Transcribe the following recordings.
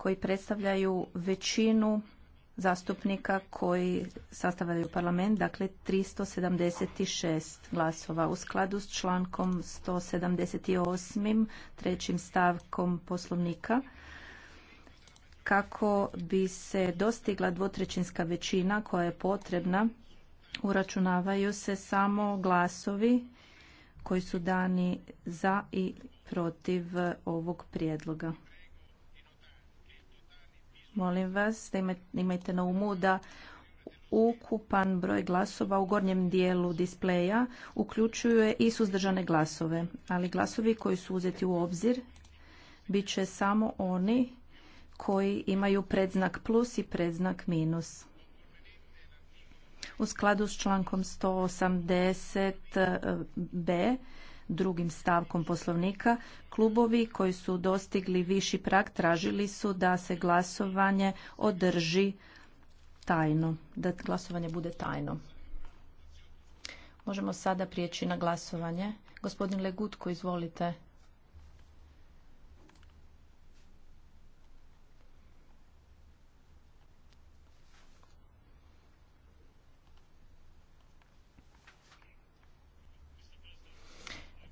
koji predstavljaju većinu zastupnika koji sastavljaju parlament, dakle 376 glasova. U skladu s člankom 178. trećim stavkom poslovnika, kako bi se dostigla dvotrećinska većina koja je potrebna, uračunavaju se samo glasovi koji su dani za i protiv ovog prijedloga. Molim vas da imajte na umu da ukupan broj glasova u gornjem dijelu displeja uključuje i suzdržane glasove, ali glasovi koji su uzeti u obzir bit će samo oni koji imaju predznak plus i predznak minus. U skladu s člankom 180b drugim stavkom poslovnika, klubovi koji su dostigli viši prag tražili su da se glasovanje održi tajno, da glasovanje bude tajno. Možemo sada prijeći na glasovanje. Gospodin Legutko, izvolite.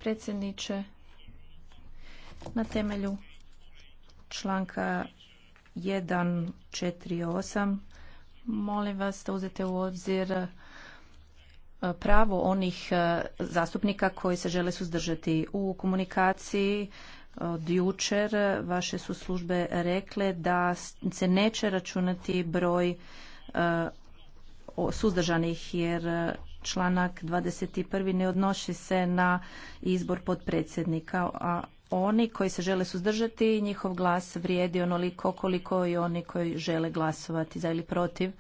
predsjedniče. Na temelju članka 1.4.8 molim vas da uzete u obzir e, pravo onih e, zastupnika koji se žele suzdržati u komunikaciji e, od jučer vaše su službe rekle da se neće računati broj suzdržanih jer članak 21. ne odnosi se na izbor potpredsjednika, a oni koji se žele suzdržati, njihov glas vrijedi onoliko koliko i oni koji žele glasovati za ili protiv.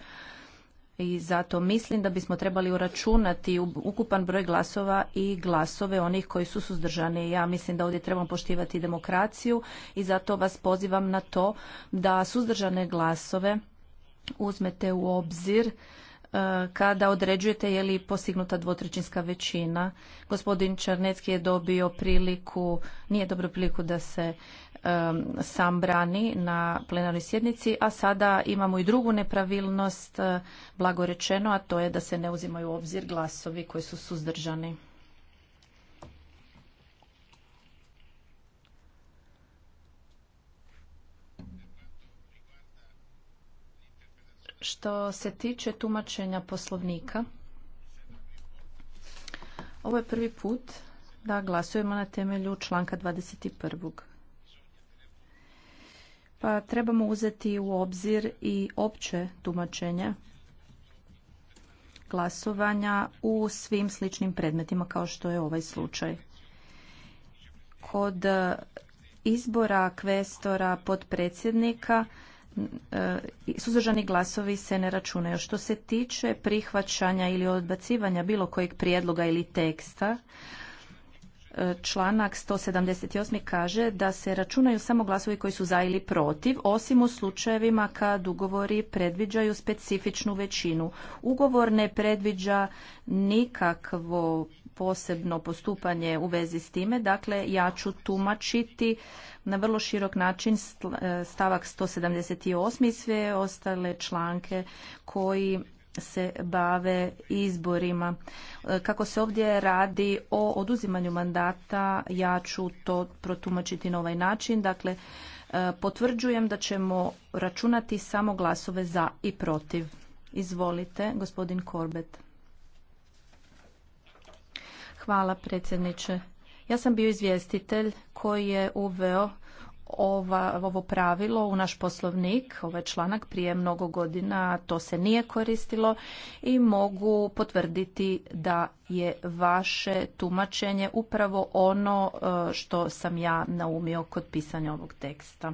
I zato mislim da bismo trebali uračunati ukupan broj glasova i glasove onih koji su suzdržani. Ja mislim da ovdje trebamo poštivati demokraciju i zato vas pozivam na to da suzdržane glasove uzmete u obzir E, kada određujete je li postignuta dvotrećinska većina. Gospodin Čarnecki je dobio priliku, nije dobro priliku da se e, sam brani na plenarnoj sjednici, a sada imamo i drugu nepravilnost, e, blagorečeno, a to je da se ne uzimaju u obzir glasovi koji su suzdržani. Što se tiče tumačenja poslovnika, ovo je prvi put da glasujemo na temelju članka 21. Pa trebamo uzeti u obzir i opće tumačenje glasovanja u svim sličnim predmetima kao što je ovaj slučaj. Kod izbora kvestora podpredsjednika E, suzdržani glasovi se ne računaju. Što se tiče prihvaćanja ili odbacivanja bilo kojeg prijedloga ili teksta, e, članak 178. kaže da se računaju samo glasovi koji su za ili protiv, osim u slučajevima kad ugovori predviđaju specifičnu većinu. Ugovor ne predviđa nikakvo posebno postupanje u vezi s time. Dakle, ja ću tumačiti na vrlo širok način e, stavak 178 i sve ostale članke koji se bave izborima. E, kako se ovdje radi o oduzimanju mandata, ja ću to protumačiti na ovaj način. Dakle, e, potvrđujem da ćemo računati samo glasove za i protiv. Izvolite, gospodin Korbet. Hvala predsjedniče. Ja sam bio izvjestitelj koji je uveo ovo pravilo u naš poslovnik, ovaj članak prije mnogo godina, to se nije koristilo i mogu potvrditi da je vaše tumačenje upravo ono e, što sam ja naumio kod pisanja ovog teksta.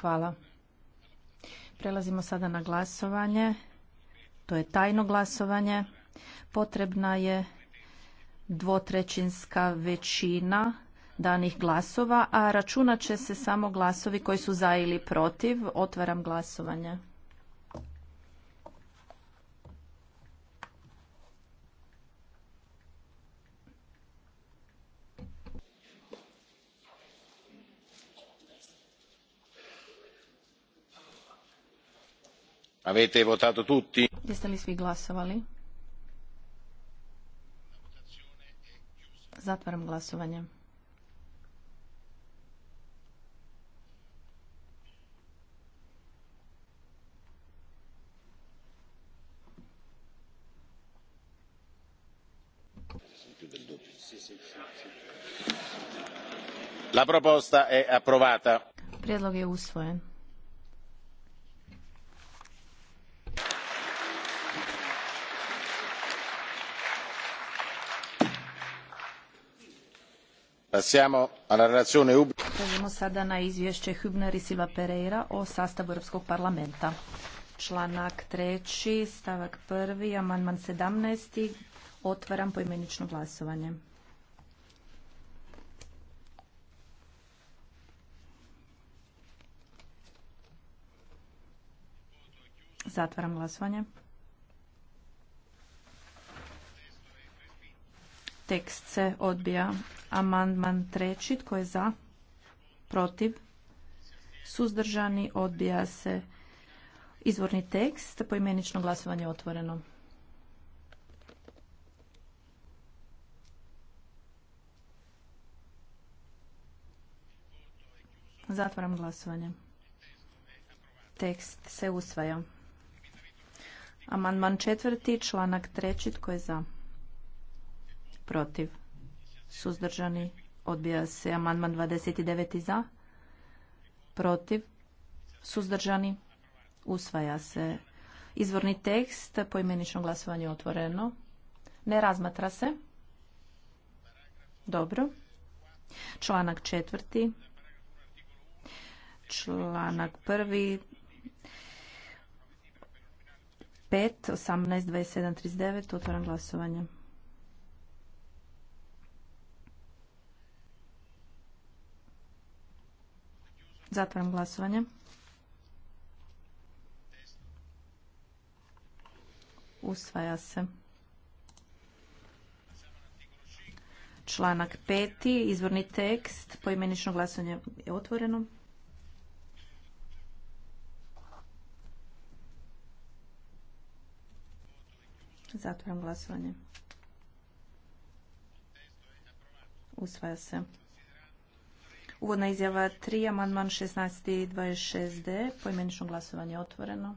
Hvala. Prelazimo sada na glasovanje. To je tajno glasovanje. Potrebna je dvotrećinska većina danih glasova, a računat će se samo glasovi koji su za ili protiv. Otvaram glasovanje. Avete votato tutti? Jeste li svi glasovali? Zatvaram glasovanje. La proposta Prijedlog je usvojen. Prelazimo sada na izvješće Hübner i Silva Pereira o sastavu Europskog parlamenta. Članak 3, stavak 1, amandman 17. Otvaram poimenično glasovanje. Zatvaram glasovanje. Tekst se odbija. Amandman treći. Tko je za? Protiv? Suzdržani? Odbija se izvorni tekst. Poimenično glasovanje otvoreno. Zatvaram glasovanje. Tekst se usvaja. Amandman četvrti, članak treći, tko je za? protiv, suzdržani, odbija se. Amandman 29. za, protiv, suzdržani, usvaja se. Izvorni tekst, poimenično glasovanje otvoreno. Ne razmatra se. Dobro. Članak četvrti. Članak prvi. 5, 18, 27, 39. Otvoram glasovanje. Zatvaram glasovanje. Usvaja se. Članak peti, izvorni tekst, poimenično glasovanje je otvoreno. Zatvaram glasovanje. Usvaja se. Uvodna izjava 3, amandman 16 i 26D. Poimenično glasovanje je otvoreno.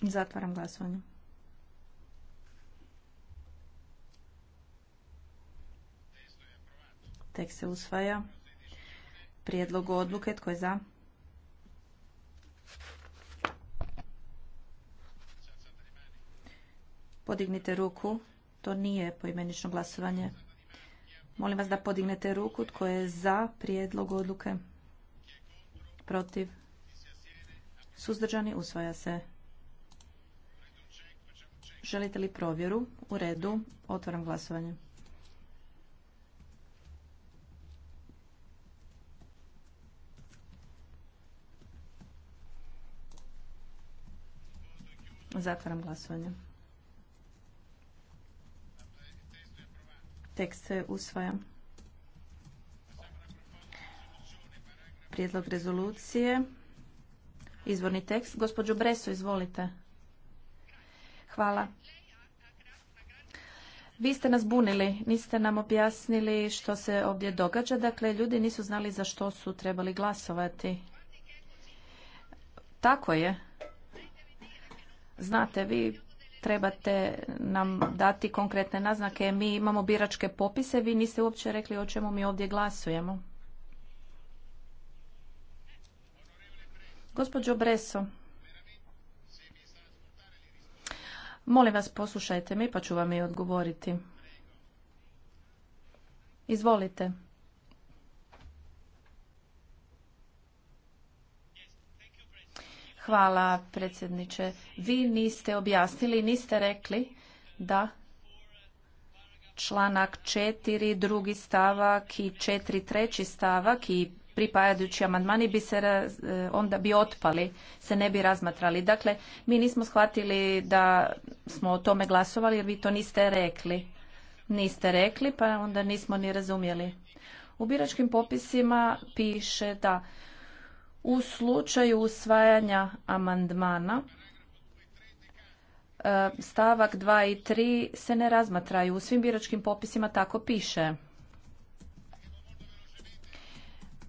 Zatvaram glasovanje. Tek se usvaja. Prijedlog odluke. Tko je za? Podignite ruku. To nije poimenično glasovanje. Molim vas da podignete ruku. Tko je za prijedlog odluke? Protiv? Suzdržani? Usvaja se. Želite li provjeru? U redu. Otvaram glasovanje. Zatvaram glasovanje. Tekst se usvaja. Prijedlog rezolucije. Izvorni tekst. Gospođo Breso, izvolite. Hvala. Vi ste nas bunili, niste nam objasnili što se ovdje događa, dakle ljudi nisu znali za što su trebali glasovati. Tako je. Znate, vi trebate nam dati konkretne naznake. Mi imamo biračke popise, vi niste uopće rekli o čemu mi ovdje glasujemo. Gospođo Breso, molim vas poslušajte mi pa ću vam i odgovoriti. Izvolite. Hvala predsjedniče. Vi niste objasnili, niste rekli da članak 4, drugi stavak i 4, treći stavak i pripajajući amandmani bi se e, onda bi otpali, se ne bi razmatrali. Dakle, mi nismo shvatili da smo o tome glasovali jer vi to niste rekli. Niste rekli pa onda nismo ni razumjeli. U biračkim popisima piše da u slučaju usvajanja amandmana e, stavak 2 i 3 se ne razmatraju. U svim biračkim popisima tako piše.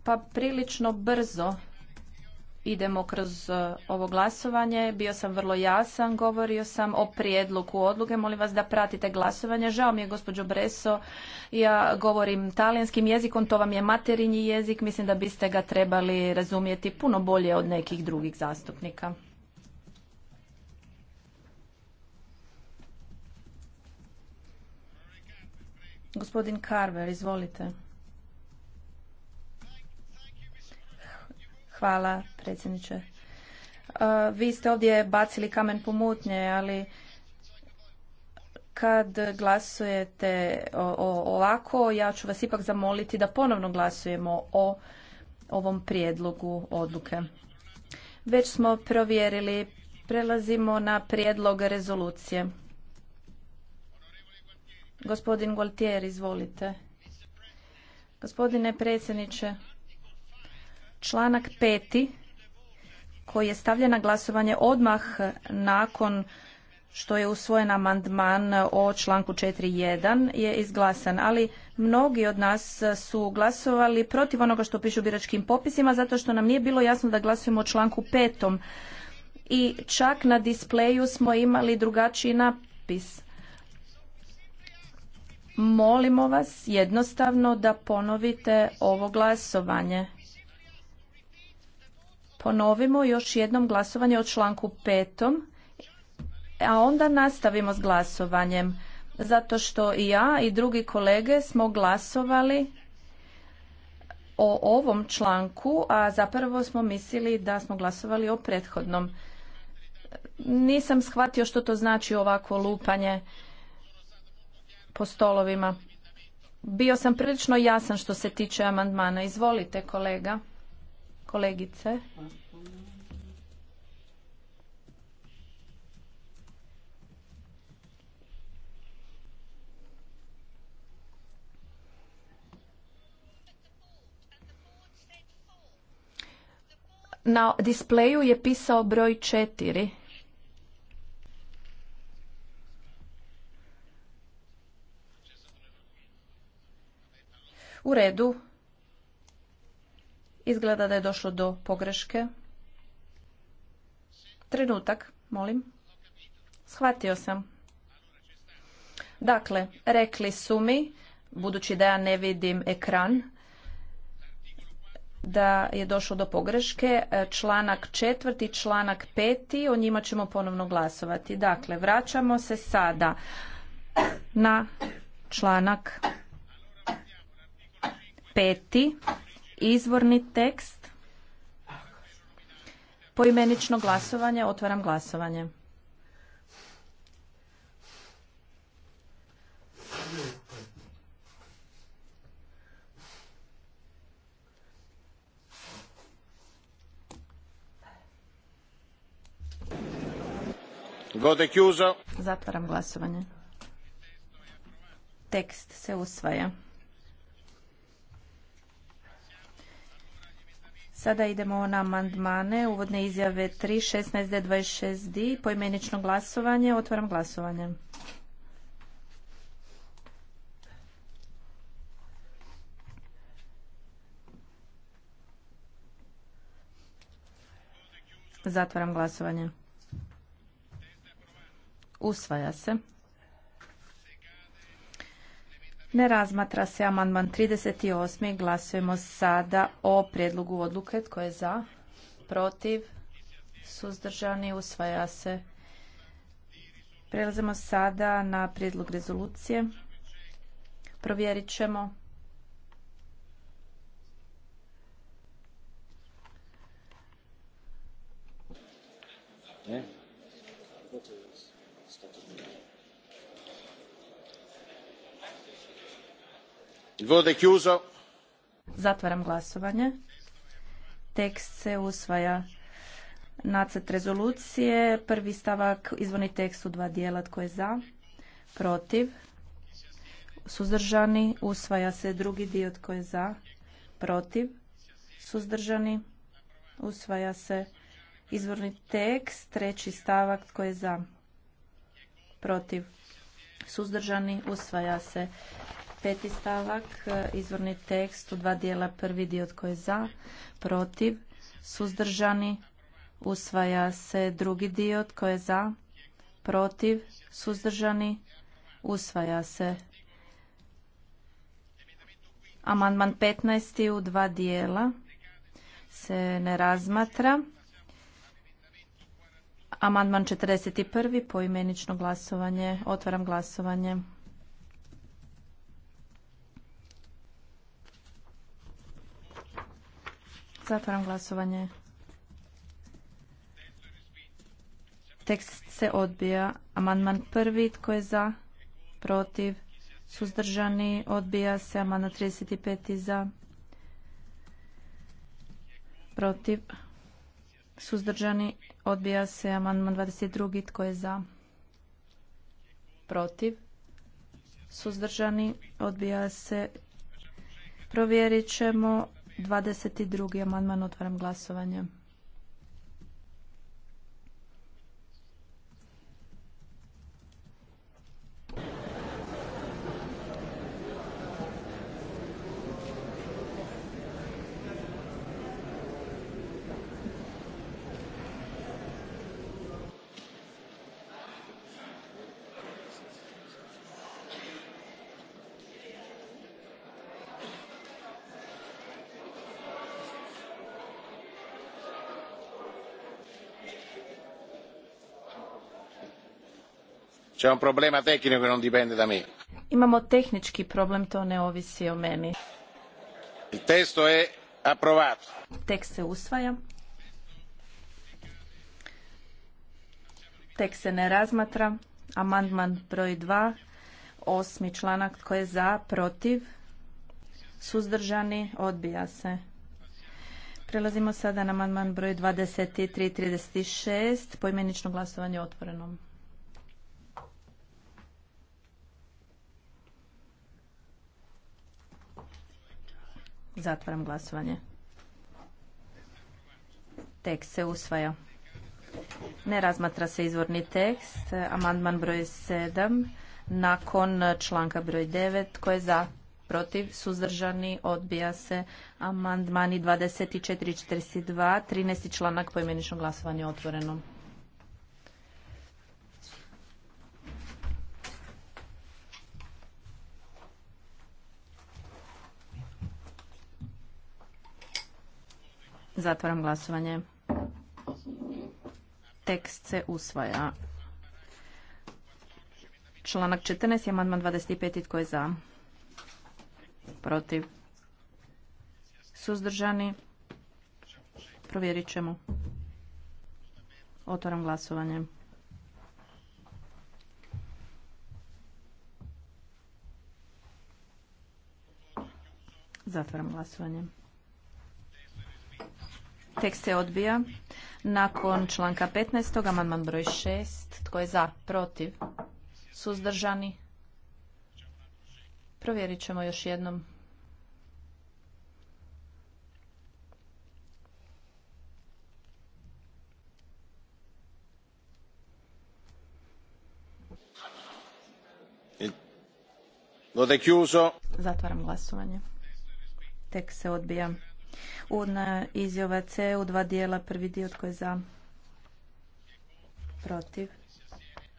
Pa prilično brzo idemo kroz e, ovo glasovanje. Bio sam vrlo jasan, govorio sam o prijedlogu odluke. Molim vas da pratite glasovanje. Žao mi je, gospođo Breso, ja govorim talijanskim jezikom, to vam je materinji jezik. Mislim da biste ga trebali razumjeti puno bolje od nekih drugih zastupnika. Gospodin Carver, izvolite. Hvala, predsjedniče. E, vi ste ovdje bacili kamen pomutnje, ali kad glasujete ovako, ja ću vas ipak zamoliti da ponovno glasujemo o ovom prijedlogu odluke. Već smo provjerili. Prelazimo na prijedlog rezolucije. Gospodin Gualtier, izvolite. Gospodine predsjedniče, Članak peti koji je stavljen na glasovanje odmah nakon što je usvojen amandman o članku 4.1 je izglasan, ali mnogi od nas su glasovali protiv onoga što piše u biračkim popisima zato što nam nije bilo jasno da glasujemo o članku 5. I čak na displeju smo imali drugačiji napis. Molimo vas jednostavno da ponovite ovo glasovanje. Ponovimo još jednom glasovanje o članku petom, a onda nastavimo s glasovanjem, zato što i ja i drugi kolege smo glasovali o ovom članku, a zapravo smo mislili da smo glasovali o prethodnom. Nisam shvatio što to znači ovako lupanje po stolovima. Bio sam prilično jasan što se tiče amandmana. Izvolite kolega kolegice. Na displeju je pisao broj četiri. U redu, Izgleda da je došlo do pogreške. Trenutak, molim. Shvatio sam. Dakle, rekli su mi, budući da ja ne vidim ekran, da je došlo do pogreške. Članak četvrti, članak peti, o njima ćemo ponovno glasovati. Dakle, vraćamo se sada na članak peti. Izvorni tekst. Poimenično glasovanje. Otvaram glasovanje. Zatvaram glasovanje. Tekst se usvaja. Sada idemo na amandmane, uvodne izjave 3, d 26D, poimenično glasovanje, otvaram glasovanje. Zatvaram glasovanje. Usvaja se. Ne razmatra se amandman 38. Glasujemo sada o prijedlogu odluke. Tko je za? Protiv? Suzdržani? Usvaja se. Prelazimo sada na prijedlog rezolucije. Provjerit ćemo. Zatvaram glasovanje. Tekst se usvaja. Nacrt rezolucije, prvi stavak, izvorni tekst u dva dijela, tko je za, protiv, suzdržani, usvaja se drugi dio, tko je za, protiv, suzdržani, usvaja se izvorni tekst, treći stavak, tko je za, protiv, suzdržani, usvaja se Peti stavak, e, izvorni tekst u dva dijela, prvi dio tko je za, protiv, suzdržani, usvaja se drugi dio tko je za, protiv, suzdržani, usvaja se. Amandman 15. u dva dijela se ne razmatra. Amandman 41. poimenično glasovanje. Otvaram glasovanje. Zatvaram glasovanje. Tekst se odbija. Amandman prvi. Tko je za? Protiv? Suzdržani? Odbija se. Amandman 35. Za? Protiv? Suzdržani? Odbija se. Amandman 22. Tko je za? Protiv? Suzdržani? Odbija se. Provjerit ćemo 22. amandman otvaram glasovanje. C'è un problema tecnico che non dipende da me. Imamo tehnički problem, to ne ovisi o meni. Il testo è approvato. Tekst se usvaja. Tekst se ne razmatra. Amandman broj 2, osmi članak, tko je za, protiv, suzdržani, odbija se. Prelazimo sada na amandman broj tri i šest poimenično glasovanje otvoreno. Zatvaram glasovanje. Tekst se usvaja. Ne razmatra se izvorni tekst. Amandman broj 7. Nakon članka broj 9. Tko je za? Protiv? Suzdržani? Odbija se. Amandmani 24 i 42. 13. članak imeničnom glasovanje otvorenom. Zatvaram glasovanje. Tekst se usvaja. Članak 14 je amandman 25. Tko je za? Protiv? Suzdržani? Provjerit ćemo. Otvaram glasovanje. Zatvaram glasovanje tek se odbija. Nakon članka 15. amandman broj 6. Tko je za? Protiv? Suzdržani? Provjerit ćemo još jednom. Zatvaram glasovanje. Tek se odbija. Uvodna izjava C u dva dijela, prvi dio tko je za, protiv,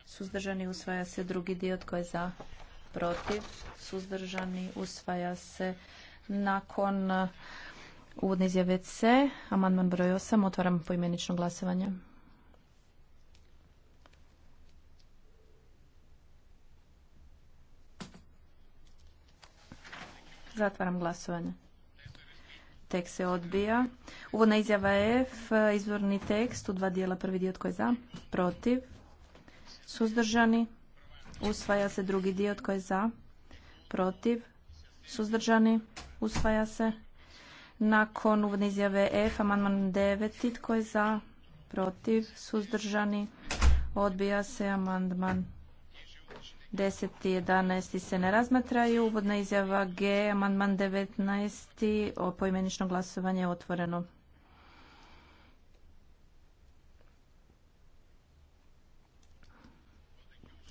suzdržani usvaja se, drugi dio tko je za, protiv, suzdržani usvaja se. Nakon uh, uvodne izjave C, amandman broj 8, otvaram poimenično glasovanje. Zatvaram glasovanje. Tek se odbija. Uvodna izjava F, izvorni tekst u dva dijela. Prvi dio tko je za, protiv, suzdržani. Usvaja se drugi dio tko je za, protiv, suzdržani. Usvaja se. Nakon uvodne izjave F, amandman 9. Tko je za, protiv, suzdržani. Odbija se amandman 10. i 11. se ne razmatraju. Uvodna izjava G, amandman 19. o poimenično glasovanje je otvoreno.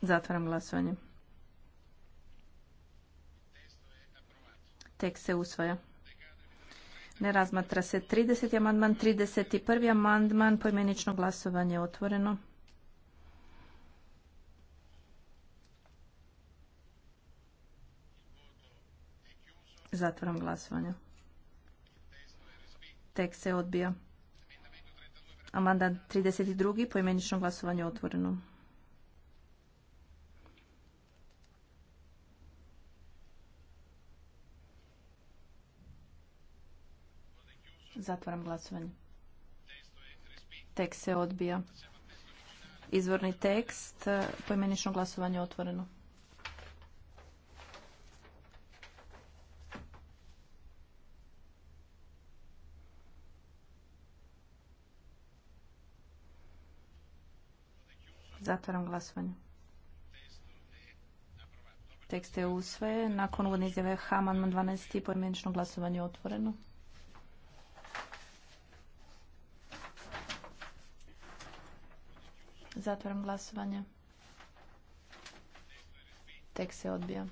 Zatvaram glasovanje. Tek se usvaja. Ne razmatra se 30. amandman, 31. amandman, poimenično glasovanje je otvoreno. Zatvaram glasovanje. Tekst se odbija. Amanda 32. Poimenično glasovanje otvoreno. Zatvaram glasovanje. Tekst se odbija. Izvorni tekst, poimenično glasovanje otvoreno. Zatvaram glasovanje. Tekst je usvojen. Nakon uvodne izjave H, amandman 12. Pojmenično glasovanje otvoreno. Zatvaram glasovanje. Tekst se odbija.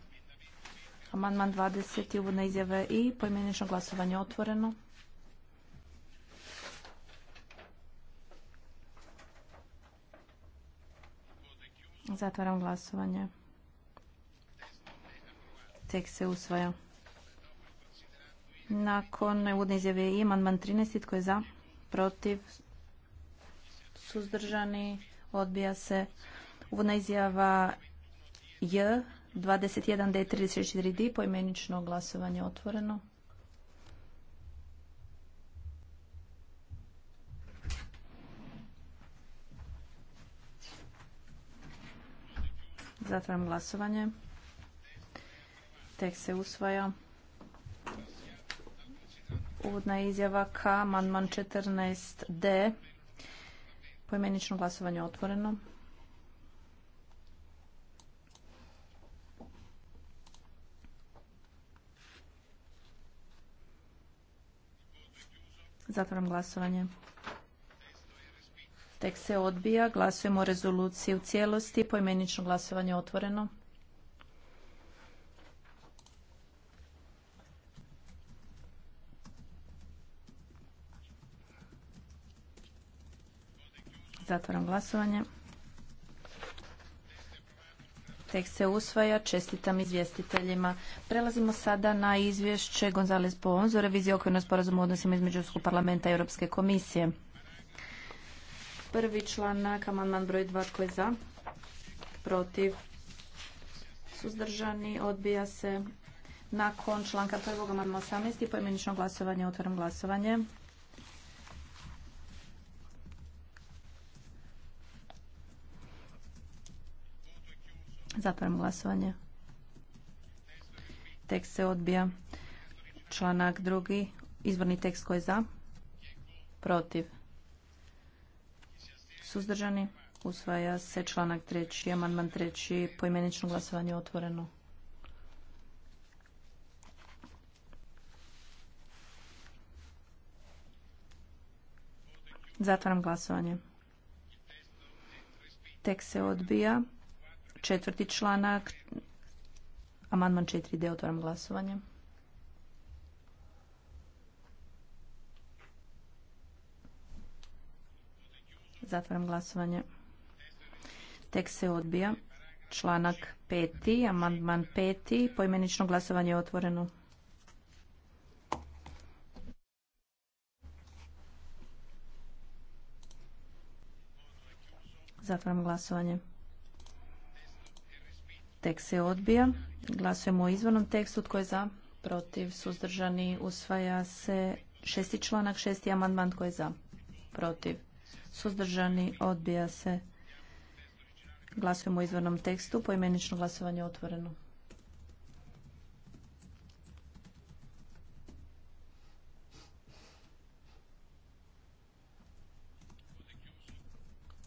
Amandman 20. Uvodne izjave i pojmenično glasovanje otvoreno. Zatvaram glasovanje. Tek se usvaja. Nakon uvodne izjave i amandman 13. Tko je za? Protiv? Suzdržani? Odbija se. Uvodna izjava J. 21D34D poimenično glasovanje otvoreno. Zatvaram glasovanje. Tekst se usvaja. Uvodna izjava K, manman 14D. Poimenično glasovanje otvoreno. Zatvaram glasovanje. Tek se odbija. Glasujemo o rezoluciji u cijelosti. Poimenično glasovanje otvoreno. Zatvaram glasovanje. Tek se usvaja. Čestitam izvjestiteljima. Prelazimo sada na izvješće Gonzales Bonzo, revizija okvirno sporazumu u odnosima između Europskog parlamenta i Europske komisije. Prvi članak, amandman broj 2, tko je za? Protiv? Suzdržani? Odbija se. Nakon članka prvog, amandman 18, pojmenično glasovanje, otvaram glasovanje. Zatvaram glasovanje. Tekst se odbija. Članak drugi, izvorni tekst koji je za? Protiv? suzdržani, usvaja se članak treći, amandman treći, poimenično glasovanje otvoreno. Zatvaram glasovanje. Tek se odbija. Četvrti članak, amandman četiri, d otvaram glasovanje. Zatvaram glasovanje. Tek se odbija. Članak peti, amandman peti, poimenično glasovanje je otvoreno. Zatvaram glasovanje. Tek se odbija. Glasujemo o izvornom tekstu. Tko je za? Protiv. Suzdržani. Usvaja se šesti članak, šesti amandman. Tko je za? Protiv suzdržani, odbija se. Glasujemo o izvornom tekstu, poimenično glasovanje otvoreno.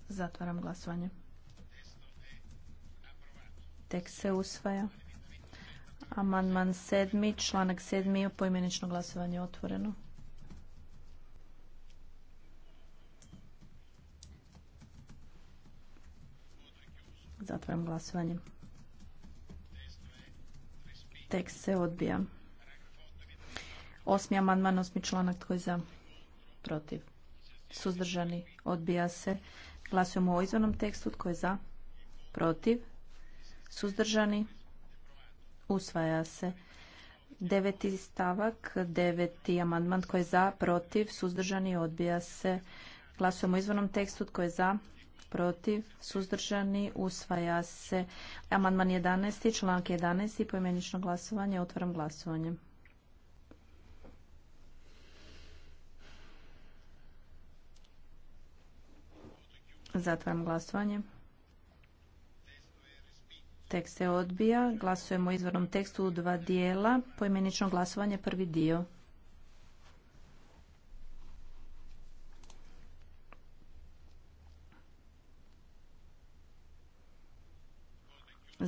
Zatvaram glasovanje. Tekst se usvaja. Amandman sedmi, članak sedmi, poimenično glasovanje otvoreno. Zatvaram glasovanje. Tekst se odbija. Osmi amandman, osmi članak, tko je za? Protiv. Suzdržani, odbija se. Glasujemo o izvornom tekstu, tko je za? Protiv. Suzdržani, usvaja se. Deveti stavak, deveti amandman, tko je za? Protiv. Suzdržani, odbija se. Glasujemo o izvornom tekstu, tko je za? protiv, suzdržani, usvaja se. Amandman 11. članak 11. i glasovanje. Otvaram glasovanje. Zatvaram glasovanje. Tekst se odbija. Glasujemo o izvornom tekstu u dva dijela. Poimenično glasovanje prvi dio.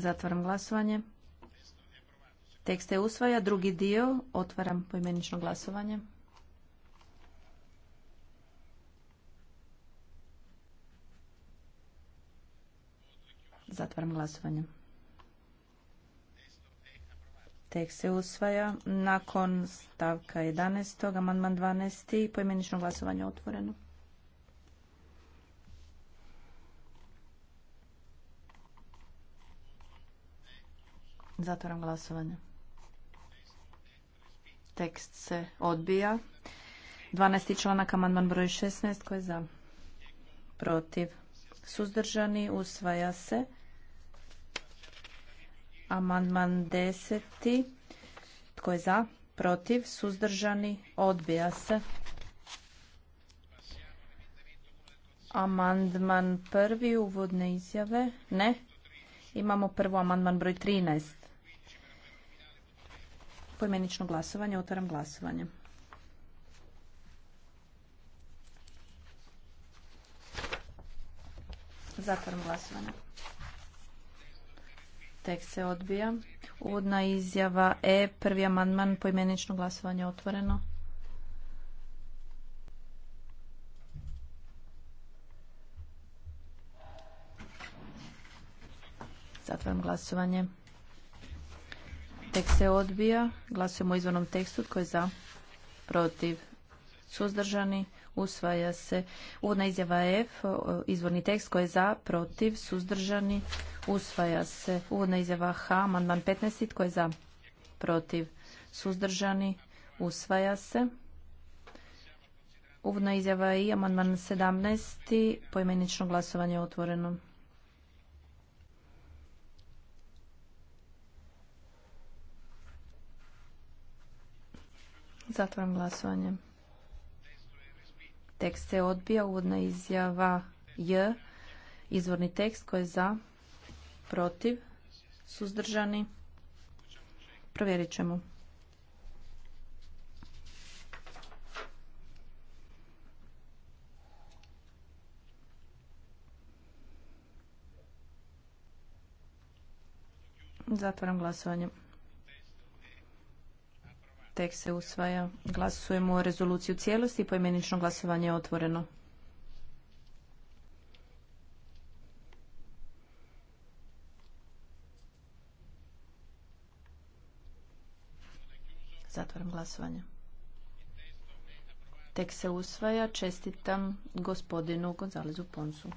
Zatvaram glasovanje. Tekst je usvaja. Drugi dio. Otvaram poimenično glasovanje. Zatvaram glasovanje. Tekst se usvaja. Nakon stavka 11. amandman 12. poimenično glasovanje otvoreno. Zatvaram glasovanje. Tekst se odbija. 12. članak amandman broj 16. Ko je za? Protiv. Suzdržani. Usvaja se. Amandman 10. Tko je za? Protiv. Suzdržani. Odbija se. Amandman prvi, uvodne izjave. Ne. Imamo prvo amandman broj 13. Poimenično glasovanje, otvaram glasovanje. Zatvaram glasovanje. Tekst se odbija. Uvodna izjava E, prvi amandman, poimenično glasovanje otvoreno. Zatvaram glasovanje. Tekst se odbija. Glasujemo o izvornom tekstu. Tko je za? Protiv? Suzdržani? Usvaja se. Uvodna izjava F. Izvorni tekst. Tko je za? Protiv? Suzdržani? Usvaja se. Uvodna izjava H. Amandman 15. Tko je za? Protiv? Suzdržani? Usvaja se. Uvodna izjava i amandman 17. pojmenično glasovanje je otvoreno. Zatvaram glasovanje. Tekst se odbija. Uvodna izjava J. Izvorni tekst koji je za, protiv, suzdržani. Provjerit ćemo. Zatvaram glasovanje. Tek se usvaja. Glasujemo o rezoluciju cijelosti. i Poimenično glasovanje je otvoreno. Zatvaram glasovanje. Tek se usvaja. Čestitam gospodinu Gonzalezu Ponsu.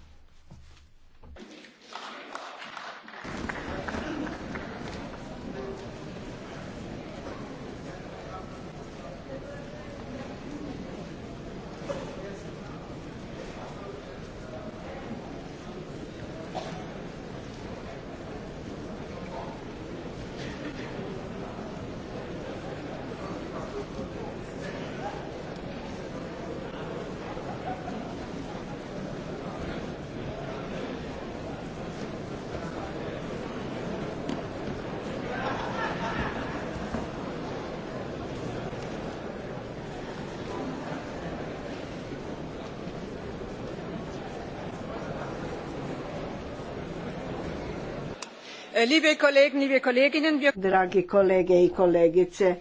Dragi kolege i kolegice,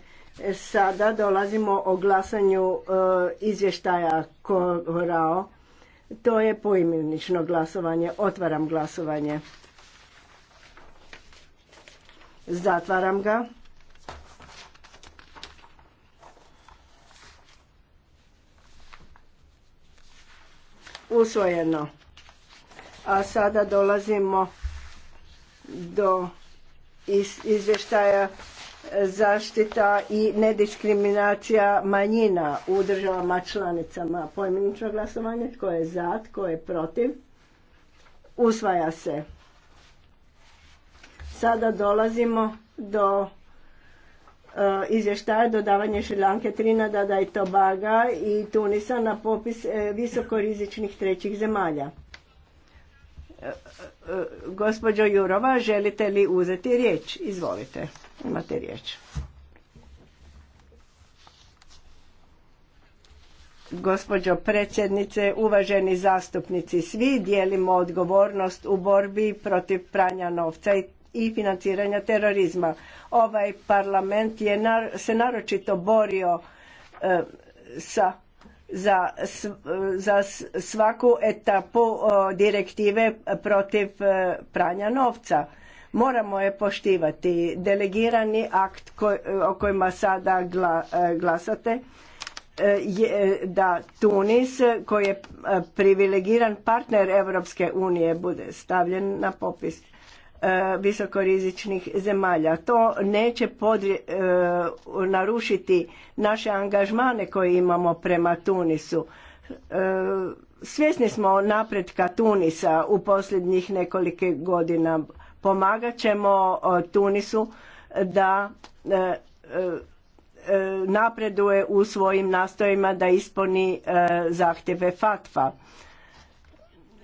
sada dolazimo o glasanju e, izvještaja Korao. To je poimenično glasovanje. Otvaram glasovanje. Zatvaram ga. Usvojeno. A sada dolazimo do izvještaja zaštita i nediskriminacija manjina u državama članicama. Pojmenično glasovanje, tko je za, tko je protiv, usvaja se. Sada dolazimo do e, izvještaja dodavanje Šrilanke, Trinada, i Tobaga i Tunisa na popis e, visokorizičnih trećih zemalja. Gospođo Jurova, želite li uzeti riječ? Izvolite, imate riječ. Gospođo predsjednice, uvaženi zastupnici, svi dijelimo odgovornost u borbi protiv pranja novca i financiranja terorizma. Ovaj parlament je se naročito borio eh, sa za, za svaku etapu direktive protiv e, pranja novca. Moramo je poštivati. Delegirani akt o kojima sada e, glasate e, je da Tunis koji je privilegiran partner Europske unije bude stavljen na popis. E, visokorizičnih zemalja. To neće e, narušiti naše angažmane koje imamo prema Tunisu. E, svjesni smo napretka Tunisa u posljednjih nekoliko godina. Pomagat ćemo Tunisu da napreduje u svojim nastojima da ispuni zahtjeve FATFA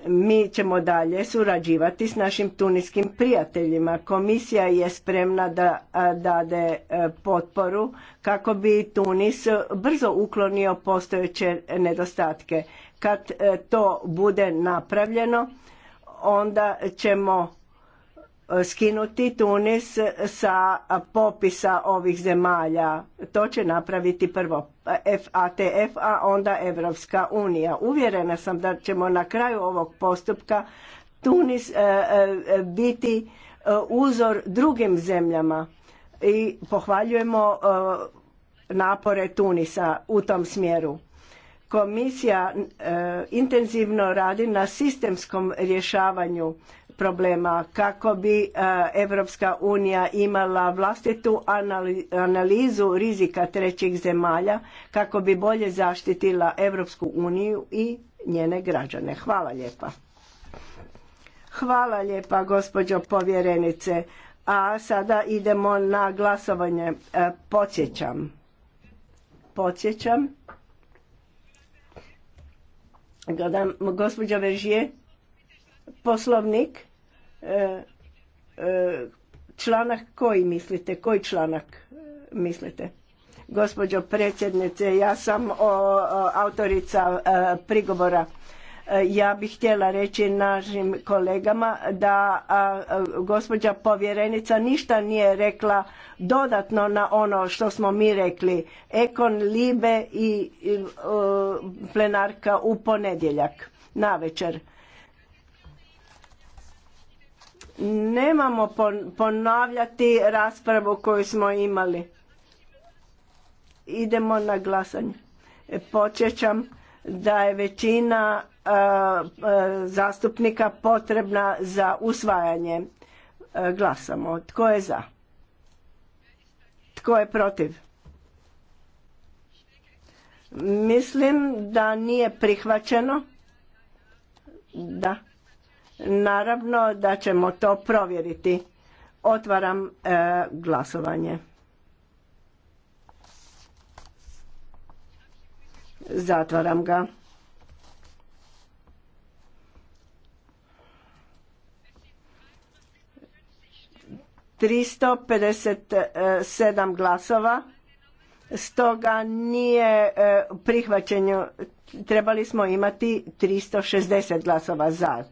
mi ćemo dalje surađivati s našim tuniskim prijateljima. Komisija je spremna da dade e, potporu kako bi Tunis brzo uklonio postojeće nedostatke. Kad e, to bude napravljeno, onda ćemo skinuti Tunis sa popisa ovih zemalja. To će napraviti prvo FATF, a onda Evropska unija. Uvjerena sam da ćemo na kraju ovog postupka Tunis e, e, biti e, uzor drugim zemljama i pohvaljujemo napore Tunisa u tom smjeru. Komisija intenzivno radi na sistemskom rješavanju problema kako bi Europska unija imala vlastitu analizu rizika trećih zemalja kako bi bolje zaštitila Europsku uniju i njene građane. Hvala lijepa. Hvala lijepa gospođo povjerenice. A sada idemo na glasovanje. E, podsjećam. Podsjećam. Gospođo gospođa Veržije, poslovnik članak koji mislite, koji članak e, mislite? Gospođo predsjednice, ja sam o, autorica e, prigovora. E, ja bih htjela reći našim kolegama da gospođa povjerenica ništa nije rekla dodatno na ono što smo mi rekli. Ekon Libe i, plenarka u ponedjeljak, navečer nemamo ponavljati raspravu koju smo imali. Idemo na glasanje. E, Počećam da je većina e, e, zastupnika potrebna za usvajanje. Glasamo. Tko je za? Tko je protiv? Mislim da nije prihvaćeno. Da. Naravno da ćemo to provjeriti. Otvaram e, glasovanje. Zatvaram ga. Tristo pedeset sedam glasova, stoga nije e, prihvaćenju, trebali smo imati tristo šezdeset glasova za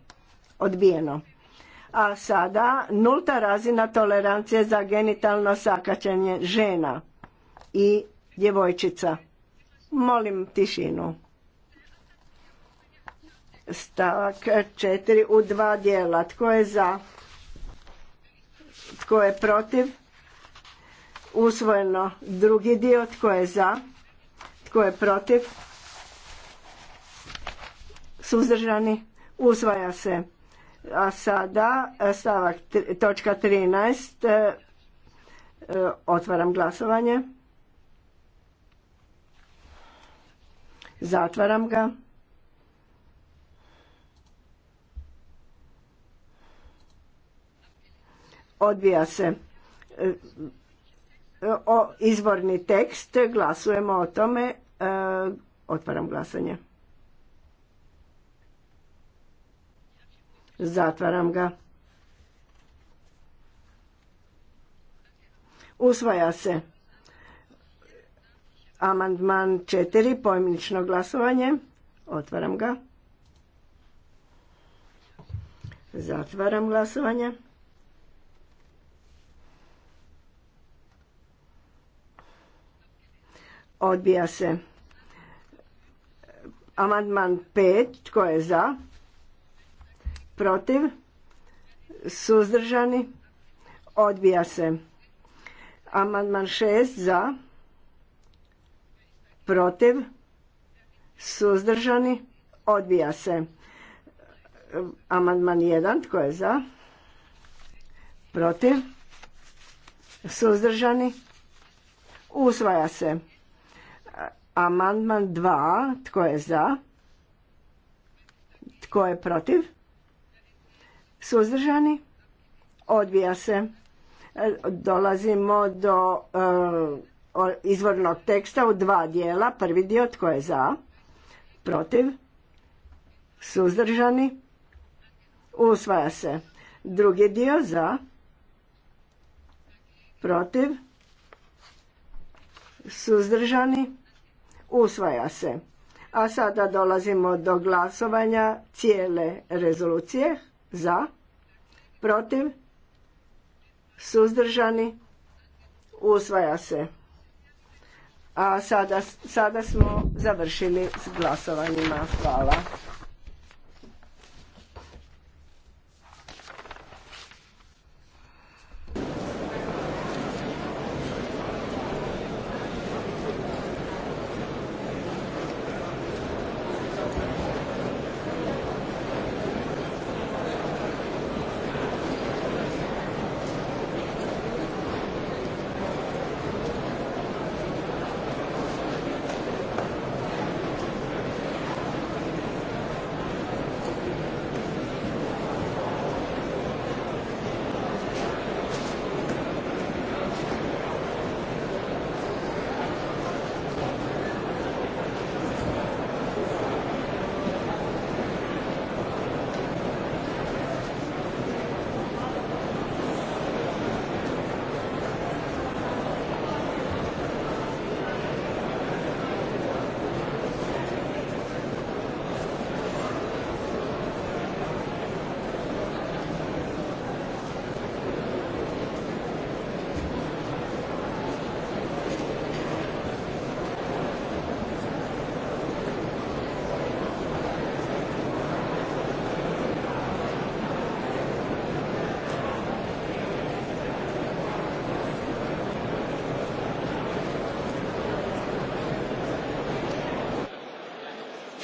odbijeno. A sada nulta razina tolerancije za genitalno sakaćenje žena i djevojčica. Molim tišinu. Stavak četiri u dva dijela. Tko je za? Tko je protiv? Usvojeno drugi dio. Tko je za? Tko je protiv? Suzdržani? Usvaja se. A sada e, stavak točka 13. E, e, otvaram glasovanje. Zatvaram ga. Odbija se o izvorni tekst. Glasujemo o tome. Otvaram glasanje. Zatvaram ga. Usvaja se. Amandman 4, pojminično glasovanje. Otvaram ga. Zatvaram glasovanje. Odbija se. Amandman 5, tko je za? protiv, suzdržani, odbija se. Amandman 6 za, protiv, suzdržani, odbija se. Amandman 1, tko je za, protiv, suzdržani, usvaja se. Amandman 2, tko je za, tko je protiv, Suzdržani? odvija se. E, dolazimo do e, izvornog teksta u dva dijela. Prvi dio tko je za? Protiv? Suzdržani? Usvaja se. Drugi dio za? Protiv? Suzdržani? Usvaja se. A sada dolazimo do glasovanja cijele rezolucije za, protiv, suzdržani, usvaja se. A sada, sada smo završili s glasovanjima. Hvala.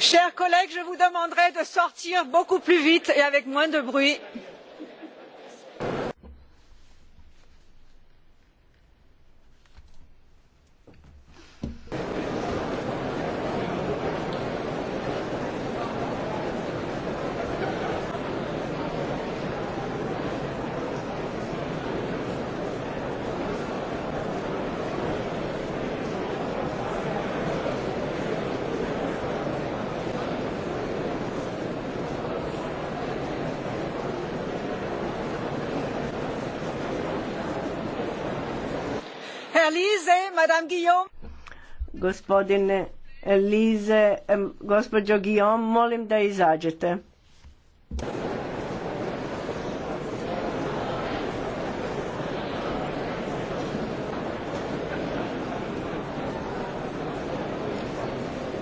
chers collègues je vous demanderai de sortir beaucoup plus vite et avec moins de bruit. gospodine Lize, gospođo Guillaume, molim da izađete.